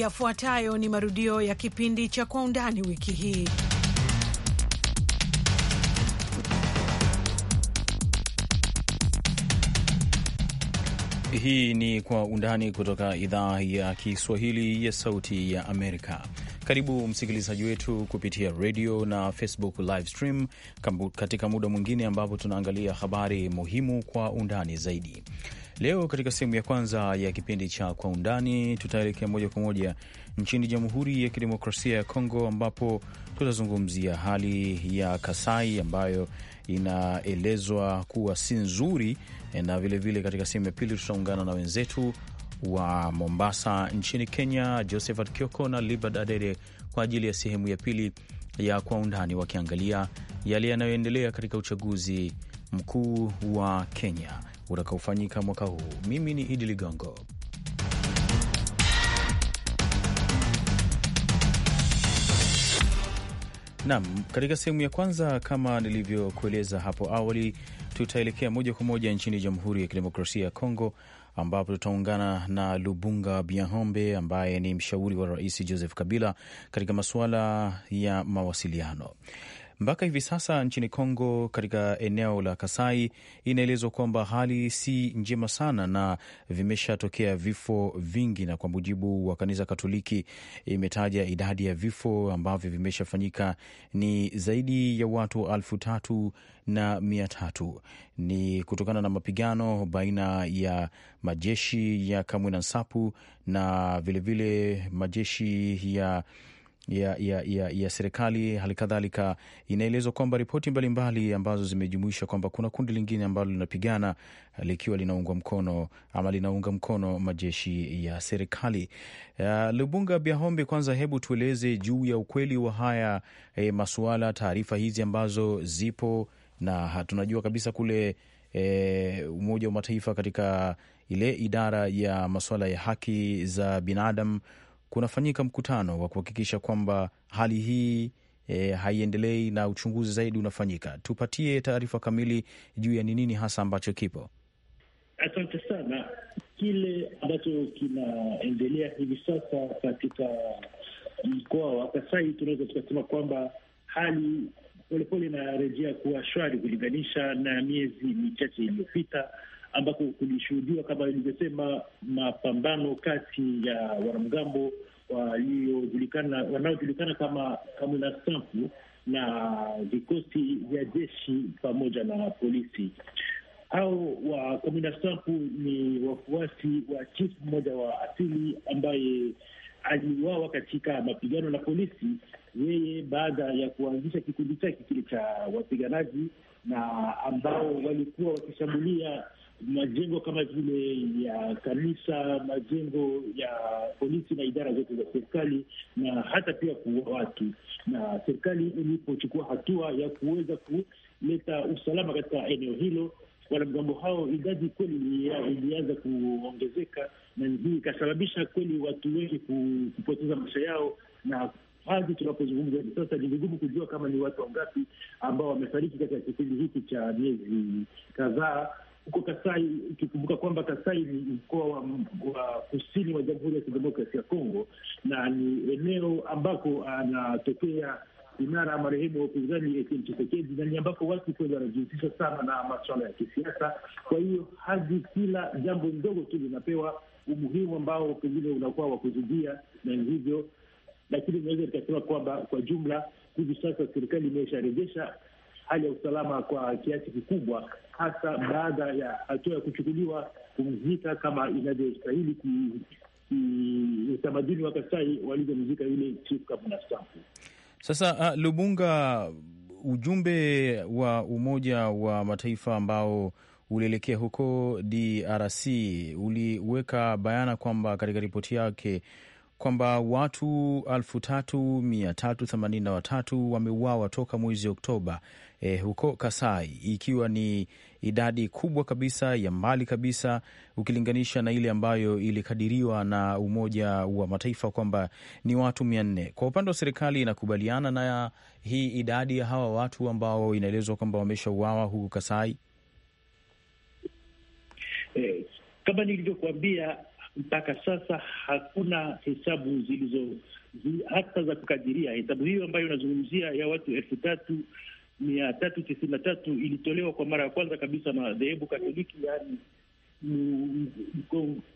Yafuatayo ni marudio ya kipindi cha Kwa Undani wiki hii. Hii ni Kwa Undani kutoka idhaa ya Kiswahili ya Sauti ya Amerika. Karibu msikilizaji wetu kupitia radio na Facebook live stream katika muda mwingine ambapo tunaangalia habari muhimu kwa undani zaidi. Leo katika sehemu ya kwanza ya kipindi cha Kwa Undani tutaelekea moja kwa moja nchini Jamhuri ya Kidemokrasia ya Kongo, ambapo tutazungumzia hali ya Kasai ambayo inaelezwa kuwa si nzuri, eh, na vilevile katika sehemu ya pili tutaungana na wenzetu wa Mombasa nchini Kenya, Josephat Kioko na Libert Adede kwa ajili ya sehemu ya pili ya Kwa Undani, wakiangalia yale yanayoendelea katika uchaguzi mkuu wa Kenya utakaofanyika mwaka huu. Mimi ni Idi Ligongo. Nam, katika sehemu ya kwanza, kama nilivyokueleza hapo awali, tutaelekea moja kwa moja nchini Jamhuri ya Kidemokrasia ya Kongo, ambapo tutaungana na Lubunga Biahombe ambaye ni mshauri wa Rais Joseph Kabila katika masuala ya mawasiliano. Mpaka hivi sasa nchini Kongo, katika eneo la Kasai, inaelezwa kwamba hali si njema sana na vimeshatokea vifo vingi, na kwa mujibu wa kanisa Katoliki imetaja idadi ya vifo ambavyo vimeshafanyika ni zaidi ya watu alfu tatu na mia tatu ni kutokana na mapigano baina ya majeshi ya Kamwina Nsapu na vilevile vile majeshi ya ya, ya, ya, ya serikali. Halikadhalika, inaelezwa kwamba ripoti mbalimbali ambazo zimejumuisha kwamba kuna kundi lingine ambalo linapigana likiwa linaungwa mkono ama linaunga mkono majeshi ya serikali. Uh, Lubunga Biahombe, kwanza hebu tueleze juu ya ukweli wa haya eh, masuala, taarifa hizi ambazo zipo na tunajua kabisa kule eh, Umoja wa Mataifa katika ile idara ya masuala ya haki za binadamu kunafanyika mkutano wa kuhakikisha kwamba hali hii e, haiendelei na uchunguzi zaidi unafanyika. Tupatie taarifa kamili juu ya ni nini hasa ambacho kipo. Asante sana. Kile ambacho kinaendelea hivi sasa katika mkoa wa Kasai, tunaweza tukasema kwamba hali polepole inarejea kuwa shwari kulinganisha na miezi michache iliyopita ambako kulishuhudiwa kama ilivyosema mapambano kati ya wanamgambo waliojulikana wanaojulikana kama kamuna Nsapu na vikosi vya jeshi pamoja na polisi. Hao wa Kamwina Nsapu ni wafuasi wa chief mmoja wa asili ambaye aliuawa katika mapigano na polisi, yeye baada ya kuanzisha kikundi chake kile cha wapiganaji na ambao walikuwa wakishambulia majengo kama vile ya kanisa, majengo ya polisi na idara zote za serikali, na hata pia kuua watu. Na serikali ilipochukua hatua ya kuweza kuleta usalama katika eneo hilo, wanamgambo hao, idadi kweli ilianza kuongezeka, na hii ikasababisha kweli watu wengi kupoteza maisha yao na hadi tunapozungumza hivi sasa ni vigumu kujua kama ni watu wangapi ambao wamefariki katika kipindi hiki cha miezi kadhaa, huko Kasai, ukikumbuka kwamba Kasai ni mkoa wa, wa kusini wa Jamhuri ya Kidemokrasi ya Kongo na ni eneo ambako anatokea kinara marehemu wa upinzani Etienne Tshisekedi na ni ambako watu kweli wanajihusisha sana na masuala ya kisiasa. Kwa hiyo hadi kila jambo ndogo tu linapewa umuhimu ambao pengine unakuwa wa kuzidia na hivyo lakini inaweza likasema kwamba kwa jumla hivi sasa serikali imesharejesha hali ya usalama kwa kiasi kikubwa, hasa baada ya hatua ya kuchukuliwa kumzika kama inavyostahili utamaduni wa Kasai walivyomzika yule chifu Sasa uh, Lubunga, ujumbe wa Umoja wa Mataifa ambao ulielekea huko DRC uliweka bayana kwamba katika ripoti yake kwamba watu 3383 tatu mia tatu na watatu wameuawa toka mwezi Oktoba e, huko Kasai, ikiwa ni idadi kubwa kabisa ya mbali kabisa ukilinganisha na ile ambayo ilikadiriwa na Umoja wa Mataifa kwamba ni watu mia Kwa upande wa serikali inakubaliana na hii idadi ya hawa watu ambao inaelezwa kwamba wameshauawa huko Kasai. Hey, eh, kama nilivyokuambia mpaka sasa hakuna hesabu zilizo hata za kukadiria. Hesabu hiyo ambayo inazungumzia ya watu elfu tatu mia tatu tisini na tatu ilitolewa kwa mara ya kwanza kabisa madhehebu Katoliki, yaani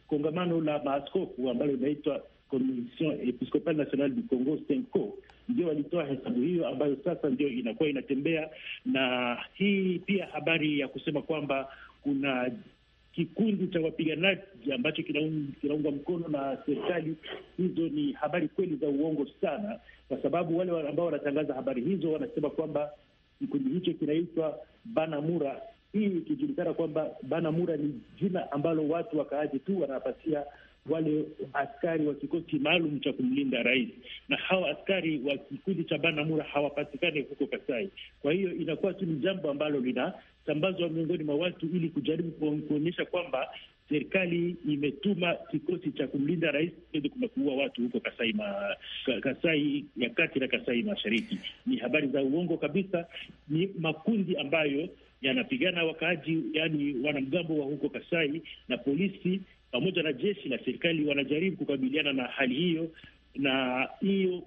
kongamano la maaskofu ambalo linaitwa Commission Episcopale Nationale du Congo CENCO, ndio walitoa hesabu hiyo ambayo sasa ndio inakuwa inatembea. Na hii pia habari ya kusema kwamba kuna kikundi cha wapiganaji ambacho kinaungwa mkono na serikali. Hizo ni habari kweli za uongo sana, kwa sababu wale ambao wanatangaza habari hizo wanasema kwamba kikundi hicho kinaitwa Banamura, hii ikijulikana kwamba Banamura ni jina ambalo watu wakaaji tu wanapatia wale askari wa kikosi maalum cha kumlinda rais, na hawa askari wa kikundi cha Banamura hawapatikani huko Kasai. Kwa hiyo inakuwa tu ni jambo ambalo lina kusambazwa miongoni mwa watu ili kujaribu kuonyesha kwamba serikali imetuma kikosi cha kumlinda rais kiweze kuua watu huko Kasai, ma, Kasai ya kati na Kasai Mashariki. Ni habari za uongo kabisa. Ni makundi ambayo yanapigana wakaaji, yani wanamgambo wa huko Kasai, na polisi pamoja na jeshi la serikali wanajaribu kukabiliana na hali hiyo, na hiyo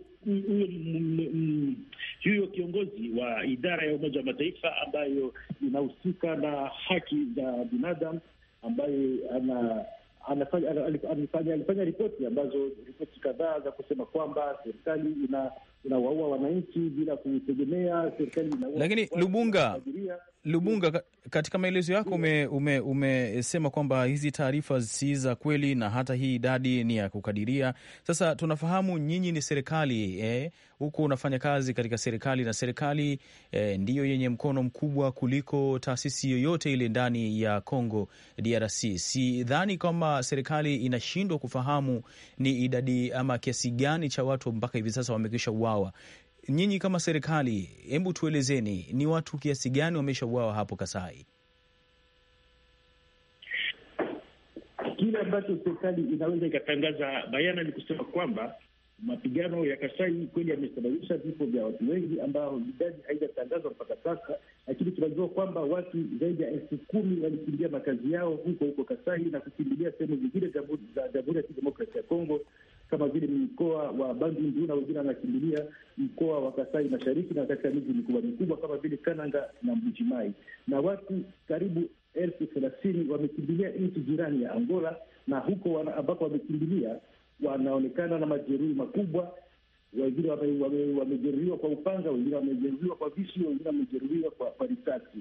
huyo kiongozi wa idara ya Umoja wa Mataifa ambayo inahusika na haki za binadamu ambayo ana alifanya ripoti ambazo ripoti kadhaa za kusema kwamba serikali ina inawaua wananchi bila kutegemea serikali. Lakini Lubunga, Lubunga, katika maelezo yako umesema ume, ume kwamba hizi taarifa si za kweli na hata hii idadi ni ya kukadiria. Sasa tunafahamu nyinyi ni serikali eh? huku eh, unafanya kazi katika serikali na serikali eh, ndiyo yenye mkono mkubwa kuliko taasisi yoyote ile ndani ya Congo DRC. dhani kwamba serikali inashindwa kufahamu ni idadi ama kiasi gani cha watu mpaka hivi sasa wamekisha uawa wameuawa. Nyinyi kama serikali, hebu tuelezeni ni watu kiasi gani wameshauawa hapo Kasai? Kile ambacho serikali inaweza ikatangaza bayana ni kusema kwamba mapigano ya Kasai kweli yamesababisha vifo vya watu wengi ambao idadi haijatangazwa mpaka sasa, lakini tunajua kwamba watu zaidi ya elfu kumi walikimbia makazi yao huko huko Kasai na kukimbilia sehemu zingine za Jamhuri ya Kidemokrasia ya Kongo kama vile mkoa wa Bandundu na wengine wanakimbilia mkoa wa Kasai Mashariki na katika miji mikubwa mikubwa kama vile Kananga na Mbujimai, na watu karibu elfu thelathini wamekimbilia nchi jirani ya Angola na huko ambapo wamekimbilia wanaonekana na majeruhi makubwa. Wengine wamejeruhiwa kwa upanga, wengine wamejeruhiwa kwa visu, wengine wamejeruhiwa kwa risasi.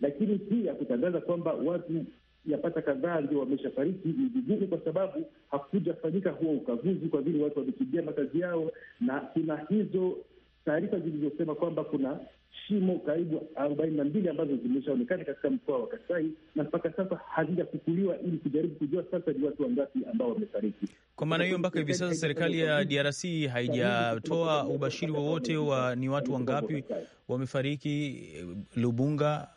Lakini pia kutangaza kwamba watu yapata kadhaa ndio wameshafariki ni vigumu, kwa sababu hakujafanyika huo ukaguzi, kwa vile watu wamekimbia makazi yao, na kuna hizo taarifa zilizosema kwamba kuna shimo karibu arobaini na mbili ambazo zimeshaonekana katika mkoa wa Kasai na mpaka sasa hazijafukuliwa ili kujaribu kujua sasa ni watu wangapi ambao wamefariki. Kwa maana hiyo, mpaka hivi sasa serikali ya DRC haijatoa ubashiri wowote wa ni watu wangapi wamefariki Lubunga.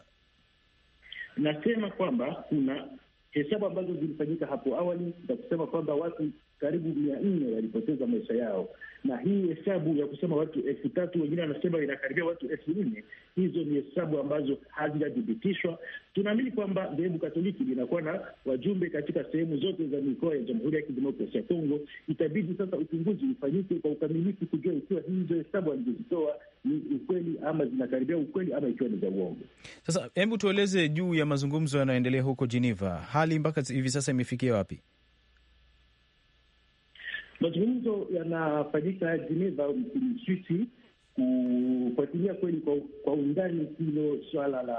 Nasema kwamba kuna hesabu ambazo zilifanyika hapo awali za kusema kwamba watu karibu mia nne walipoteza maisha yao na hii hesabu ya kusema watu elfu tatu wengine wanasema inakaribia watu elfu nne hizo ni hesabu ambazo hazijathibitishwa. Tunaamini kwamba dhehebu Katoliki linakuwa na wajumbe katika sehemu zote za mikoa ya Jamhuri ya Kidemokrasi ya Kongo. Itabidi sasa uchunguzi ufanyike kwa ukamilifu kujua ikiwa hizo hesabu alizozitoa ni ukweli ama zinakaribia ukweli ama ikiwa ni za uongo. Sasa hebu tueleze juu ya mazungumzo yanayoendelea huko Geneva, hali mpaka hivi sasa imefikia wapi? Mazungumzo yanafanyika Geneva mjini Uswisi kufuatilia kweli kwa, kwa undani hilo swala la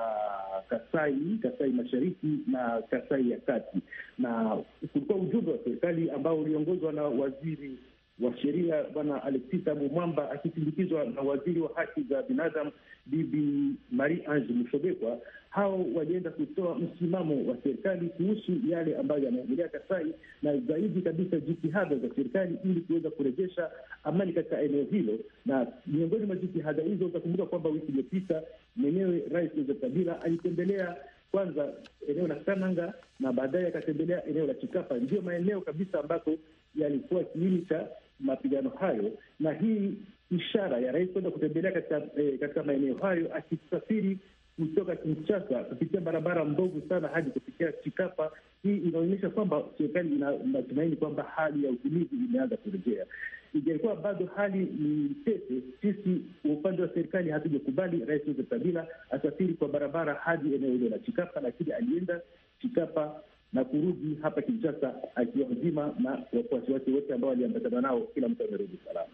Kasai, Kasai mashariki na Kasai ya kati, na kulikuwa ujumbe wa serikali ambao uliongozwa na waziri wa sheria Bwana Alexita Abu akisindikizwa na waziri wa haki za binadamu Bibi Marie Ange Mushobekwa. Hao walienda kutoa msimamo wa serikali kuhusu yale ambayo yanaendelea Kasai na zaidi kabisa jitihada za serikali ili kuweza kurejesha amani katika eneo hilo. Na miongoni mwa jitihada hizo, utakumbuka kwamba wiki iliyopita mwenyewe Rais Joseph Kabila alitembelea kwanza eneo la Kananga na baadaye akatembelea eneo la Chikapa, ndiyo maeneo kabisa ambako yalikuwa kiini cha mapigano hayo, na hii ishara ya rais kwenda kutembelea katika, eh, katika maeneo hayo akisafiri kutoka Kinshasa kupitia barabara mbovu sana hadi kufikia Chikapa. Hii inaonyesha kwamba serikali ina matumaini kwamba hali ya utulivu imeanza kurejea. Ijaikuwa bado hali ni tete, sisi upande wa serikali hatujakubali Rais Joseph Kabila asafiri kwa barabara hadi eneo hilo la Chikapa, lakini alienda Chikapa na kurudi hapa Kinshasa akiwa mzima na wafuasi wake wote ambao waliambatana nao, kila mtu amerudi salama.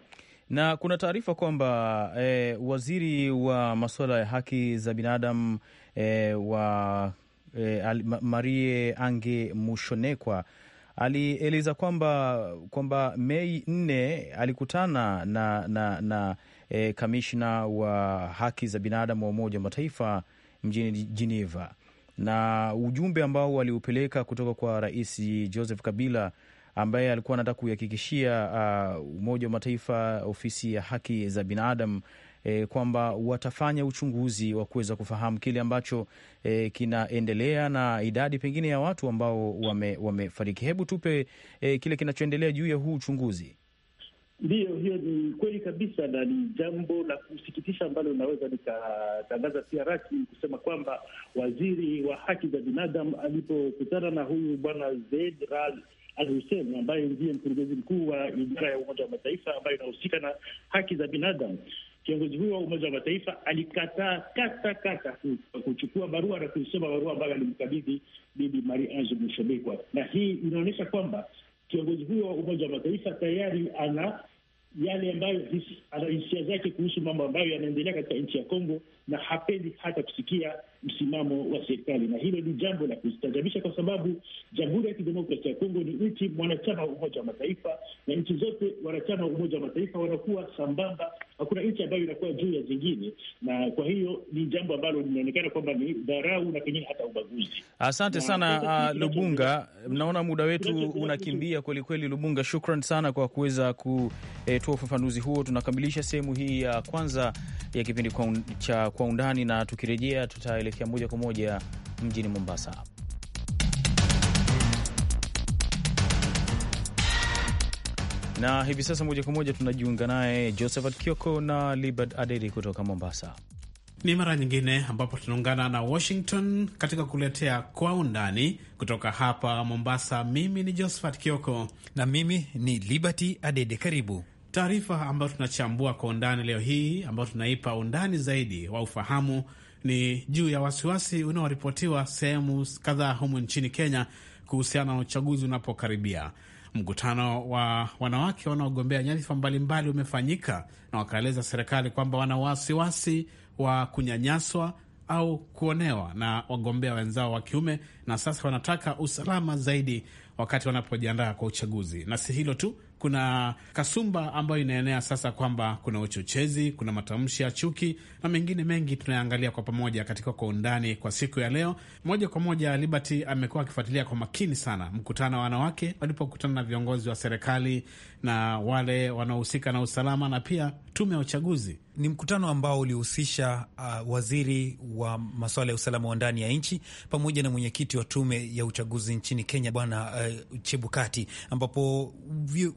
Na kuna taarifa kwamba eh, waziri wa masuala ya haki za binadamu eh, wa eh, Marie Ange Mushonekwa alieleza kwamba kwamba Mei nne alikutana na na, na eh, kamishna wa haki za binadamu wa Umoja wa Mataifa mjini Geneva na ujumbe ambao waliupeleka kutoka kwa Rais Joseph Kabila ambaye alikuwa anataka kuihakikishia uh, Umoja wa Mataifa, ofisi ya haki za binadamu E, kwamba watafanya uchunguzi wa kuweza kufahamu kile ambacho e, kinaendelea na idadi pengine ya watu ambao wame, wamefariki. Hebu tupe e, kile kinachoendelea juu ya huu uchunguzi. Ndiyo, hiyo ni kweli kabisa, na ni jambo la kusikitisha ambalo linaweza likatangaza pia rasmi kusema kwamba waziri wa haki za binadamu alipokutana na huyu bwana Zeid Raad Al Hussein ambaye ndiye mkurugenzi mkuu wa idara ya Umoja wa Mataifa ambayo inahusika na haki za binadamu, kiongozi huyo wa Umoja wa Mataifa alikataa kata kata kuchukua barua na kuisoma barua ambayo alimkabidhi Bibi Marie Ange Mshobekwa, na hii inaonyesha kwamba kiongozi huyo wa Umoja wa Mataifa tayari ana yale ambayo ana hisia zake kuhusu mambo ambayo yanaendelea katika nchi ya Kongo, na hapendi hata kusikia msimamo wa serikali, na hilo ni jambo la kustajabisha kwa sababu Jamhuri ya Kidemokrasia ya Kongo ni nchi mwanachama wa Umoja wa Mataifa, na nchi zote wanachama wa Umoja wa Mataifa wanakuwa sambamba, hakuna nchi ambayo inakuwa juu ya zingine, na kwa hiyo ni jambo ambalo linaonekana kwamba ni dharau na pengine hata ubaguzi. Asante na sana uh, Lubunga, mnaona muda wetu unakimbia kwelikweli. Lubunga, shukran sana kwa kuweza kutoa eh, ufafanuzi huo. Tunakamilisha sehemu hii ya kwanza ya kipindi cha Kwa Undani, na tukirejea tutaele kuelekea moja kwa moja mjini Mombasa. Na hivi sasa moja kwa moja tunajiunga naye Josephat Kioko na Libert Adedi kutoka Mombasa. Ni mara nyingine ambapo tunaungana na Washington katika kuletea kwa undani kutoka hapa Mombasa. Mimi ni Josephat Kioko na mimi ni Liberty Adede. Karibu taarifa ambayo tunachambua kwa undani leo hii, ambayo tunaipa undani zaidi wa ufahamu ni juu ya wasiwasi unaoripotiwa sehemu kadhaa humu nchini Kenya kuhusiana na uchaguzi unapokaribia. Mkutano wa wanawake wanaogombea nyadhifa mbalimbali umefanyika na wakaeleza serikali kwamba wana wasiwasi wa kunyanyaswa au kuonewa na wagombea wenzao wa kiume, na sasa wanataka usalama zaidi wakati wanapojiandaa kwa uchaguzi. Na si hilo tu, kuna kasumba ambayo inaenea sasa kwamba kuna uchochezi, kuna matamshi ya chuki na mengine mengi tunayaangalia kwa pamoja katika Kwa Undani kwa siku ya leo. Moja kwa moja, Liberty amekuwa akifuatilia kwa makini sana mkutano wa wanawake walipokutana na viongozi wa serikali na wale wanaohusika na usalama na pia tume ya uchaguzi ni mkutano ambao ulihusisha uh, waziri wa masuala ya usalama wa ndani ya nchi pamoja na mwenyekiti wa tume ya uchaguzi nchini Kenya Bwana uh, Chebukati, ambapo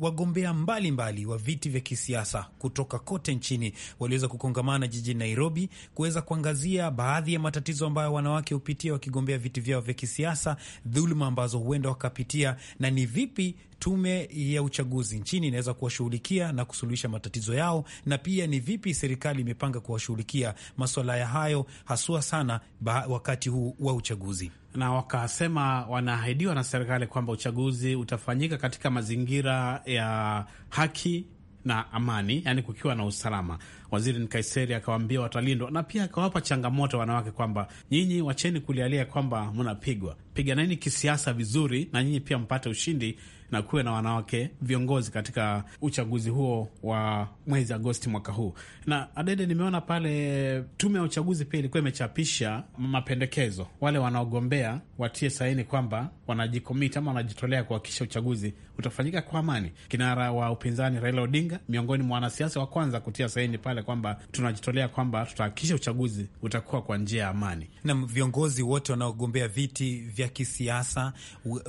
wagombea mbalimbali mbali wa viti vya kisiasa kutoka kote nchini waliweza kukongamana jijini Nairobi kuweza kuangazia baadhi ya matatizo ambayo wanawake hupitia wakigombea viti vyao vya kisiasa, dhuluma ambazo huenda wakapitia na ni vipi tume ya uchaguzi nchini inaweza kuwashughulikia na kusuluhisha matatizo yao, na pia ni vipi serikali imepanga kuwashughulikia maswala ya hayo haswa sana wakati huu wa uchaguzi. Na wakasema wanaahidiwa na serikali kwamba uchaguzi utafanyika katika mazingira ya haki na amani, yani kukiwa na usalama. Waziri Nkaiseri akawaambia watalindwa, na pia akawapa changamoto wanawake kwamba nyinyi wacheni kulialia kwamba mnapigwa, piganeni kisiasa vizuri, na nyinyi pia mpate ushindi na kuwe na wanawake viongozi katika uchaguzi huo wa mwezi Agosti mwaka huu. Na Adede, nimeona pale tume ya uchaguzi pia ilikuwa imechapisha mapendekezo, wale wanaogombea watie saini kwamba wanajikomiti ama wanajitolea kuhakikisha uchaguzi utafanyika kwa amani. Kinara wa upinzani Raila Odinga miongoni mwa wanasiasa wa kwanza kutia saini pale pale kwamba tunajitolea kwamba tutahakikisha uchaguzi utakuwa kwa njia ya amani. Na viongozi wote wanaogombea viti vya kisiasa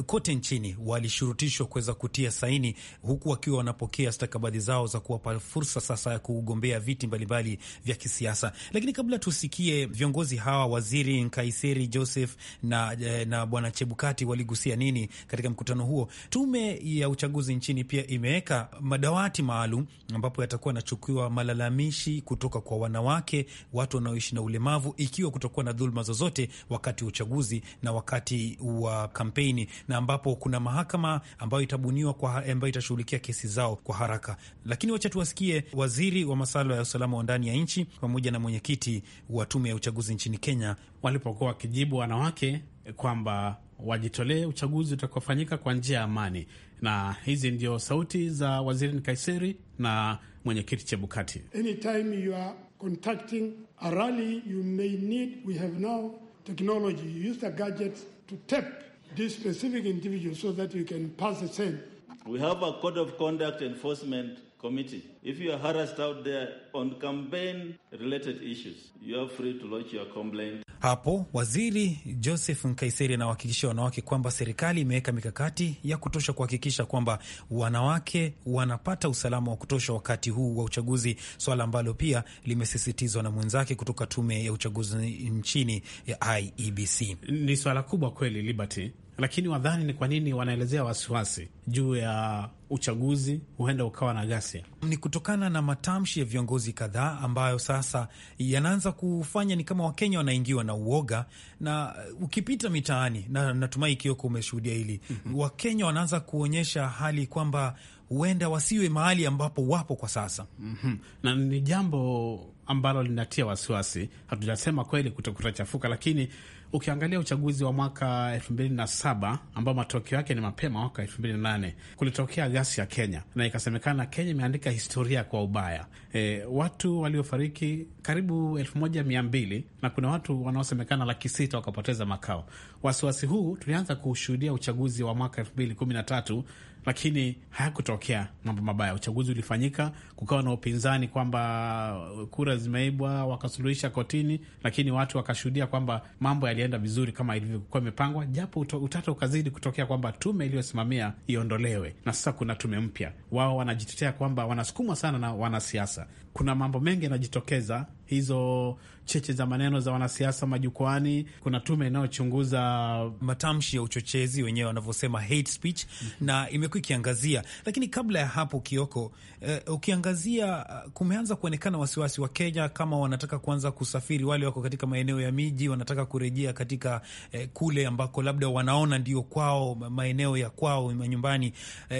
kote nchini walishurutishwa kuweza kutia saini, huku wakiwa wanapokea stakabadhi zao za kuwapa fursa sasa ya kugombea viti mbalimbali vya kisiasa. Lakini kabla tusikie viongozi hawa, waziri Nkaiseri Joseph na, eh, na bwana Chebukati waligusia nini katika mkutano huo, tume ya uchaguzi nchini pia imeweka madawati maalum ambapo yatakuwa yanachukiwa malalamishi ushawishi kutoka kwa wanawake, watu wanaoishi na ulemavu, ikiwa kutakuwa na dhuluma zozote wakati wa uchaguzi na wakati wa kampeni, na ambapo kuna mahakama ambayo itabuniwa kwa ambayo itashughulikia kesi zao kwa haraka. Lakini wacha tuwasikie waziri wa masuala ya usalama wa ndani ya nchi pamoja na mwenyekiti wa tume ya uchaguzi nchini Kenya walipokuwa wakijibu wanawake kwamba wajitolee, uchaguzi utakaofanyika kwa njia ya amani na hizi ndio sauti za Waziri Kaiseri na mwenyekiti Chebukati. Anytime you are contacting a rally you may need, we have now technology, you use the gadgets to tap this specific individual so that you can pass the same. We have a code of conduct enforcement committee. If you are harassed out there on campaign related issues, you are free to lodge your complaint. Hapo Waziri Joseph Nkaiseri anawahakikishia wanawake kwamba serikali imeweka mikakati ya kutosha kuhakikisha kwamba wanawake wanapata usalama wa kutosha wakati huu wa uchaguzi, swala ambalo pia limesisitizwa na mwenzake kutoka tume ya uchaguzi nchini ya IEBC. Ni swala kubwa kweli, Liberty, lakini wadhani ni kwa nini wanaelezea wasiwasi juu ya uchaguzi huenda ukawa na ghasia. Ni kutokana na matamshi ya viongozi kadhaa ambayo sasa yanaanza kufanya ni kama Wakenya wanaingiwa na uoga, na uh, ukipita mitaani, na natumai Kioko umeshuhudia hili mm -hmm. Wakenya wanaanza kuonyesha hali kwamba huenda wasiwe mahali ambapo wapo kwa sasa mm -hmm. na ni jambo ambalo linatia wasiwasi. Hatujasema kweli kutokuta chafuka, lakini ukiangalia uchaguzi wa mwaka 2007 ambao matokeo yake ni mapema mwaka 2008, kulitokea ghasia Kenya na ikasemekana Kenya imeandika historia kwa ubaya. E, watu waliofariki karibu 1200 na kuna watu wanaosemekana laki sita wakapoteza makao. Wasiwasi huu tulianza kushuhudia uchaguzi wa mwaka 2013 lakini hayakutokea mambo mabaya. Uchaguzi ulifanyika, kukawa na upinzani kwamba uh, kura zimeibwa, wakasuluhisha kotini, lakini watu wakashuhudia kwamba mambo yalienda vizuri kama ilivyokuwa imepangwa, japo utata ukazidi kutokea kwamba tume iliyosimamia iondolewe, na sasa kuna tume mpya. Wao wanajitetea kwamba wanasukumwa sana na wanasiasa. Kuna mambo mengi yanajitokeza hizo cheche za maneno za wanasiasa majukwani. Kuna tume inayochunguza matamshi ya uchochezi wenyewe wanavyosema hate speech mm -hmm. na imekuwa ikiangazia, lakini kabla ya hapo Kioko, uh, ukiangazia eh, kumeanza kuonekana wasiwasi wa Kenya kama wanataka kuanza kusafiri, wale wako katika maeneo ya miji wanataka kurejea katika uh, kule ambako labda wanaona ndio kwao, maeneo ya kwao manyumbani, uh,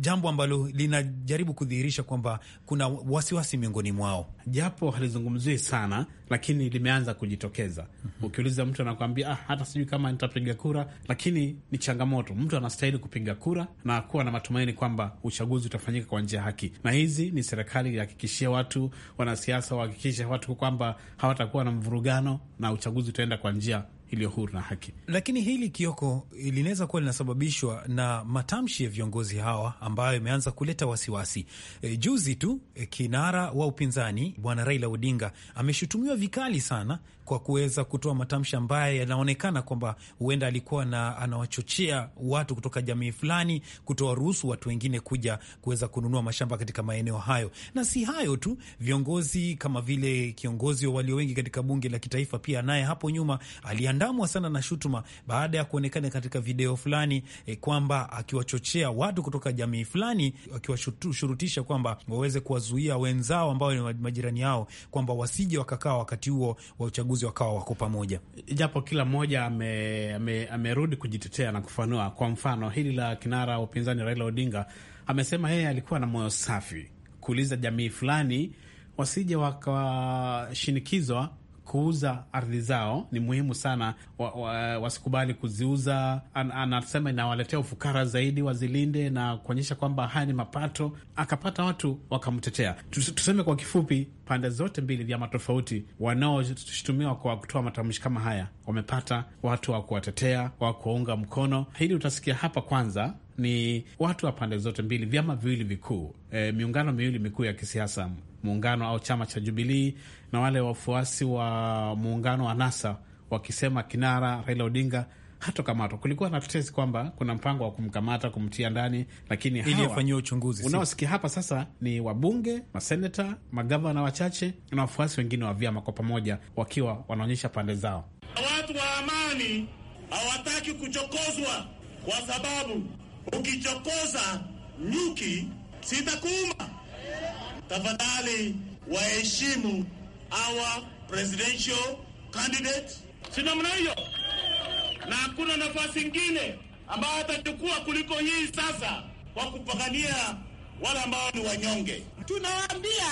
jambo ambalo linajaribu kudhihirisha kwamba kuna wasiwasi miongoni mwao, japo halizungumzi sijui sana, lakini limeanza kujitokeza. Ukiuliza mtu anakwambia, ah, hata sijui kama nitapiga kura, lakini ni changamoto. Mtu anastahili kupiga kura na kuwa na matumaini kwamba uchaguzi utafanyika kwa njia haki, na hizi ni serikali ihakikishie watu, wanasiasa wahakikishe watu kwamba hawatakuwa na mvurugano na uchaguzi utaenda kwa njia iliyo huru na haki. Lakini hili Kioko, linaweza kuwa linasababishwa na matamshi ya viongozi hawa ambayo imeanza kuleta wasiwasi e, juzi tu e, kinara wa upinzani Bwana Raila Odinga ameshutumiwa vikali sana kwa kuweza kutoa matamshi ambaye yanaonekana kwamba huenda alikuwa na, anawachochea watu kutoka jamii fulani kutoa ruhusu watu wengine kuja kuweza kununua mashamba katika maeneo hayo. Na si hayo tu, viongozi kama vile kiongozi wa walio wengi katika bunge la kitaifa pia naye hapo nyuma aliandamwa sana na shutuma baada ya kuonekana katika video fulani e, kwamba akiwachochea watu kutoka jamii fulani akiwashurutisha kwamba waweze kuwazuia wenzao ambao ni majirani yao kwamba wasije wakakaa wakati huo wa uchaguzi wachambuzi wakawa wako pamoja, japo kila mmoja amerudi ame, ame kujitetea na kufanua. Kwa mfano hili la kinara wa upinzani Raila Odinga amesema yeye alikuwa na moyo safi kuuliza jamii fulani wasije wakashinikizwa kuuza ardhi zao ni muhimu sana wa, wa, wasikubali kuziuza. An, anasema inawaletea ufukara zaidi, wazilinde na kuonyesha kwamba haya ni mapato, akapata watu wakamtetea. Tuseme kwa kifupi, pande zote mbili, vyama tofauti, wanaoshutumiwa kwa kutoa matamshi kama haya wamepata watu wa kuwatetea, wa kuwaunga mkono. Hili utasikia hapa kwanza ni watu wa pande zote mbili, vyama viwili vikuu, e, miungano miwili mikuu ya kisiasa muungano au chama cha Jubilii na wale wafuasi wa muungano wa NASA wakisema kinara Raila Odinga hatokamatwa. Kulikuwa na tetesi kwamba kuna mpango wa kumkamata, kumtia ndani, lakini uchunguzi. Unaosikia hapa sasa ni wabunge, maseneta, magavana wachache na wafuasi wengine wa vyama kwa pamoja, wakiwa wanaonyesha pande zao. Watu wa amani hawataki kuchokozwa, kwa sababu ukichokoza nyuki sitakuuma tafadhali waheshimu our presidential candidate. Si namna hiyo, na hakuna nafasi ingine ambayo atachukua kuliko hii sasa, kwa kupagania wale ambao ni wanyonge. Tunawaambia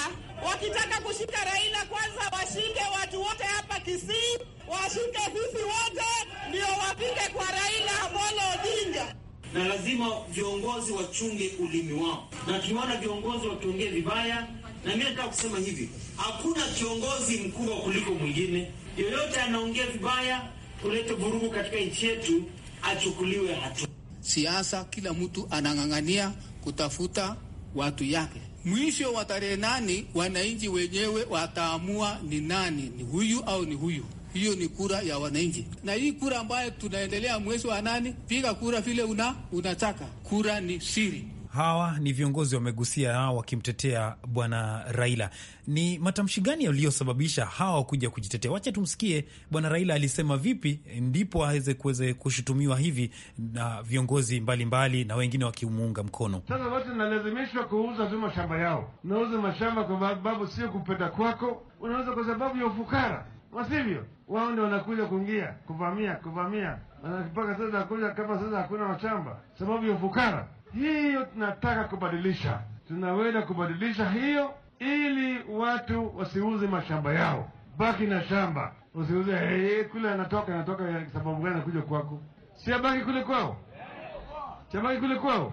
wakitaka kushika Raila, kwanza washike watu wote hapa Kisii, washike sisi wote, ndio wapike kwa Raila Amolo Odinga na lazima viongozi wachunge ulimi wao, na tumeona viongozi wakiongea vibaya. Na mimi nataka kusema hivi, hakuna kiongozi mkubwa kuliko mwingine. Yoyote anaongea vibaya kuleta vurugu katika nchi yetu achukuliwe hatua. Siasa kila mtu anang'ang'ania kutafuta watu yake. Mwisho wa tarehe nani, wananchi wenyewe wataamua ni nani, ni huyu au ni huyu hiyo ni kura ya wananchi, na hii kura ambayo tunaendelea mwezi wa nane, piga kura vile una unataka. Kura ni siri. Hawa ni viongozi wamegusia hawa wakimtetea bwana Raila. Ni matamshi gani yaliyosababisha hawa kuja kujitetea? Wacha tumsikie bwana Raila alisema vipi, ndipo aweze kuweze kushutumiwa hivi na viongozi mbalimbali mbali, na wengine wakimuunga mkono. Sasa wote nalazimishwa kuuza tu mashamba yao, unauza mashamba kwa sababu sio kupenda kwako, unauza kwa sababu ya ufukara, wasivyo wao ndio wanakuja kuingia kuvamia kuvamia, mpaka sasa kuja kama sasa hakuna mashamba sababu ya ufukara. Hiyo tunataka kubadilisha, tunaweza kubadilisha hiyo ili watu wasiuze mashamba yao, baki na shamba, usiuze hey, eh, eh, kule anatoka anatoka sababu gani anakuja kwako? Si kule kwao, si kule kwao.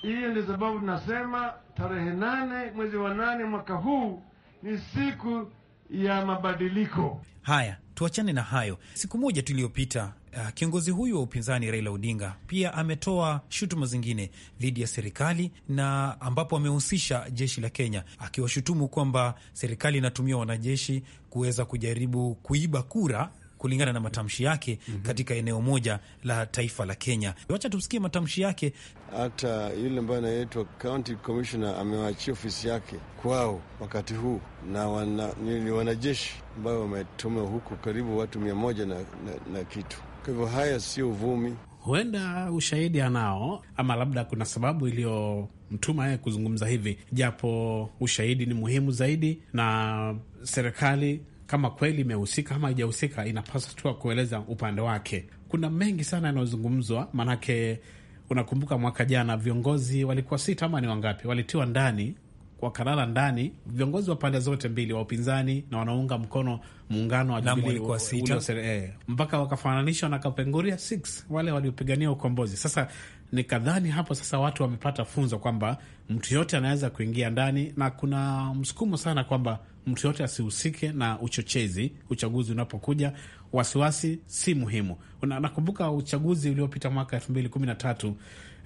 Hiyo ndio sababu tunasema tarehe nane mwezi wa nane mwaka huu ni siku ya mabadiliko haya. Tuachane na hayo. Siku moja tu iliyopita, uh, kiongozi huyu wa upinzani Raila Odinga pia ametoa shutuma zingine dhidi ya serikali na ambapo amehusisha jeshi la Kenya, akiwashutumu kwamba serikali inatumia wanajeshi kuweza kujaribu kuiba kura kulingana na matamshi yake mm -hmm. katika eneo moja la taifa la Kenya. Wacha tumsikie matamshi yake. Hata yule ambaye anaitwa county commissioner amewaachia ofisi yake kwao wakati huu na wana, ni wanajeshi ambayo wametuma huku karibu watu mia moja na, na, na kitu. Kwa hivyo haya sio uvumi, huenda ushahidi anao ama labda kuna sababu iliyomtuma yeye kuzungumza hivi, japo ushahidi ni muhimu zaidi na serikali kama kweli imehusika ama haijahusika, inapaswa tu kueleza upande wake. Kuna mengi sana yanayozungumzwa, maanake unakumbuka mwaka jana viongozi walikuwa sita ama ni wangapi walitiwa ndani wakalala ndani, viongozi wa pande zote mbili, wa upinzani na wanaunga mkono muungano wa Jubilee, eh, mpaka wakafananishwa na Kapenguria wale waliopigania ukombozi. Sasa nikadhani hapo sasa watu wamepata funzo kwamba mtu yote anaweza kuingia ndani, na kuna msukumo sana kwamba mtu yote asihusike na uchochezi. Uchaguzi unapokuja, wasiwasi si muhimu. Nakumbuka uchaguzi uliopita mwaka elfu mbili kumi na tatu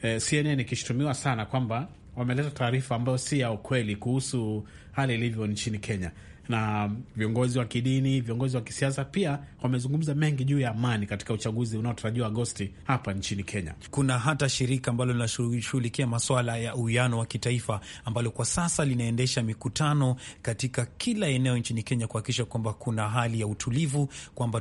eh, CNN ikishutumiwa sana kwamba wameleta taarifa ambayo si ya ukweli kuhusu hali ilivyo nchini Kenya na viongozi wa kidini, viongozi wa kisiasa pia wamezungumza mengi juu ya amani katika uchaguzi unaotarajiwa Agosti hapa nchini Kenya. Kuna hata shirika ambalo linashughulikia maswala ya uwiano wa kitaifa ambalo kwa sasa linaendesha mikutano katika kila eneo nchini Kenya kuhakikisha kwamba kuna hali ya utulivu, kwamba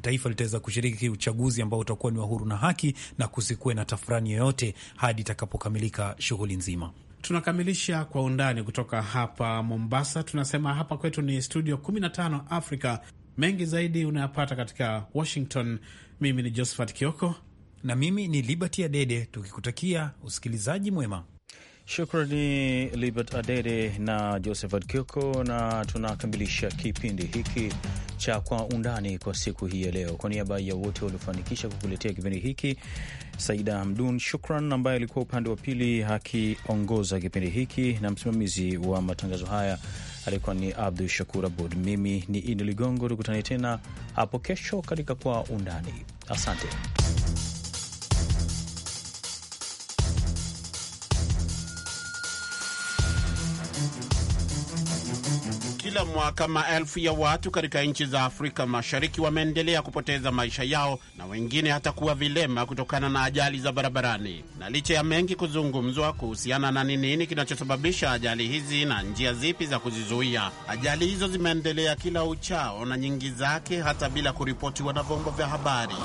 taifa litaweza kushiriki uchaguzi ambao utakuwa ni wa huru na haki na kusikuwe na tafurani yoyote hadi itakapokamilika shughuli nzima. Tunakamilisha kwa undani kutoka hapa Mombasa. Tunasema hapa kwetu ni studio 15 Africa. Mengi zaidi unayapata katika Washington. Mimi ni Josephat Kioko na mimi ni Liberty Adede, tukikutakia usikilizaji mwema. Shukrani Libert Adede na Josephat Kioko, na tunakamilisha kipindi hiki cha Kwa Undani kwa siku hii ya leo. Kwa niaba ya wote waliofanikisha kukuletea kipindi hiki, Saida Hamdun shukran, ambaye alikuwa upande wa pili akiongoza kipindi hiki, na msimamizi wa matangazo haya alikuwa ni Abdu Shakur Abud. Mimi ni Idi Ligongo, tukutane tena hapo kesho katika Kwa Undani. Asante. kama elfu ya watu katika nchi za Afrika Mashariki wameendelea kupoteza maisha yao na wengine hata kuwa vilema kutokana na ajali za barabarani. Na licha ya mengi kuzungumzwa kuhusiana na ni nini kinachosababisha ajali hizi na njia zipi za kuzizuia, ajali hizo zimeendelea kila uchao na nyingi zake hata bila kuripotiwa na vyombo vya habari.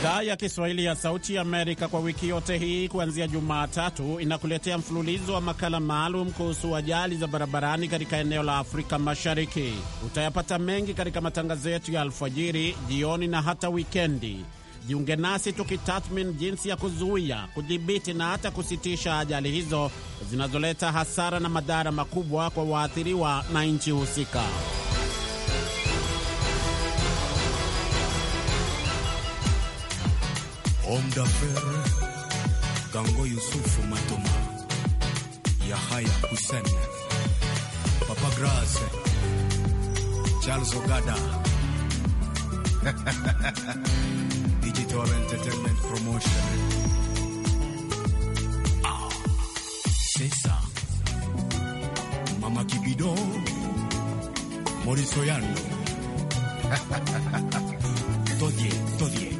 Idhaa ya Kiswahili ya Sauti Amerika kwa wiki yote hii kuanzia Jumatatu inakuletea mfululizo wa makala maalum kuhusu ajali za barabarani katika eneo la Afrika Mashariki. Utayapata mengi katika matangazo yetu ya alfajiri, jioni na hata wikendi. Jiunge nasi tukitathmini jinsi ya kuzuia, kudhibiti na hata kusitisha ajali hizo zinazoleta hasara na madhara makubwa kwa waathiriwa na nchi husika. Homme d'affaires Gango Yusufu Matoma, Yahaya Hussein, Papa Grace, Charles Ogada, Digital Entertainment Promotion. Ah, Sesa, Mama Kibido, Morisoyano Oyano. Todie, Todie.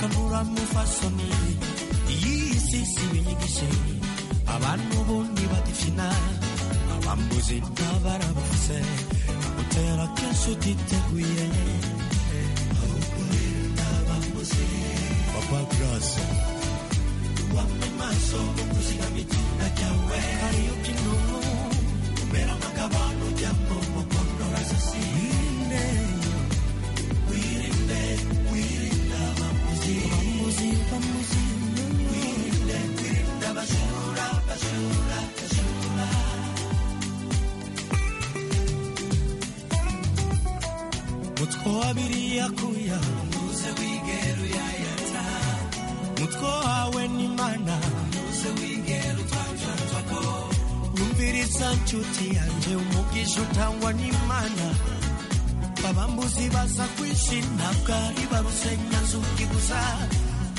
kanura mufasoni iyisisi binyigise abantu bundi batifina abambuzi n'abarabafise utera kenshi utiteguye papa grace wamwe maso mu kuzigama mutwo w'abiriya kuya muze wigera uyayata mutwo wawe n'imana muze wigera utwanjatwako umviriza nshuti yanjye umugisha utangwa n'imana babambuzi baza kwishima bwari barusenya zugi gusa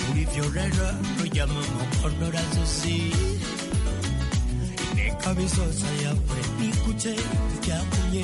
muri byo rero rujya mu mukono zuzi inteka bizoza yawe ni kuce byakumye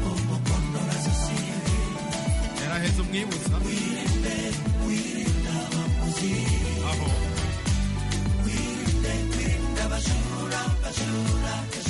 ngibutsa aho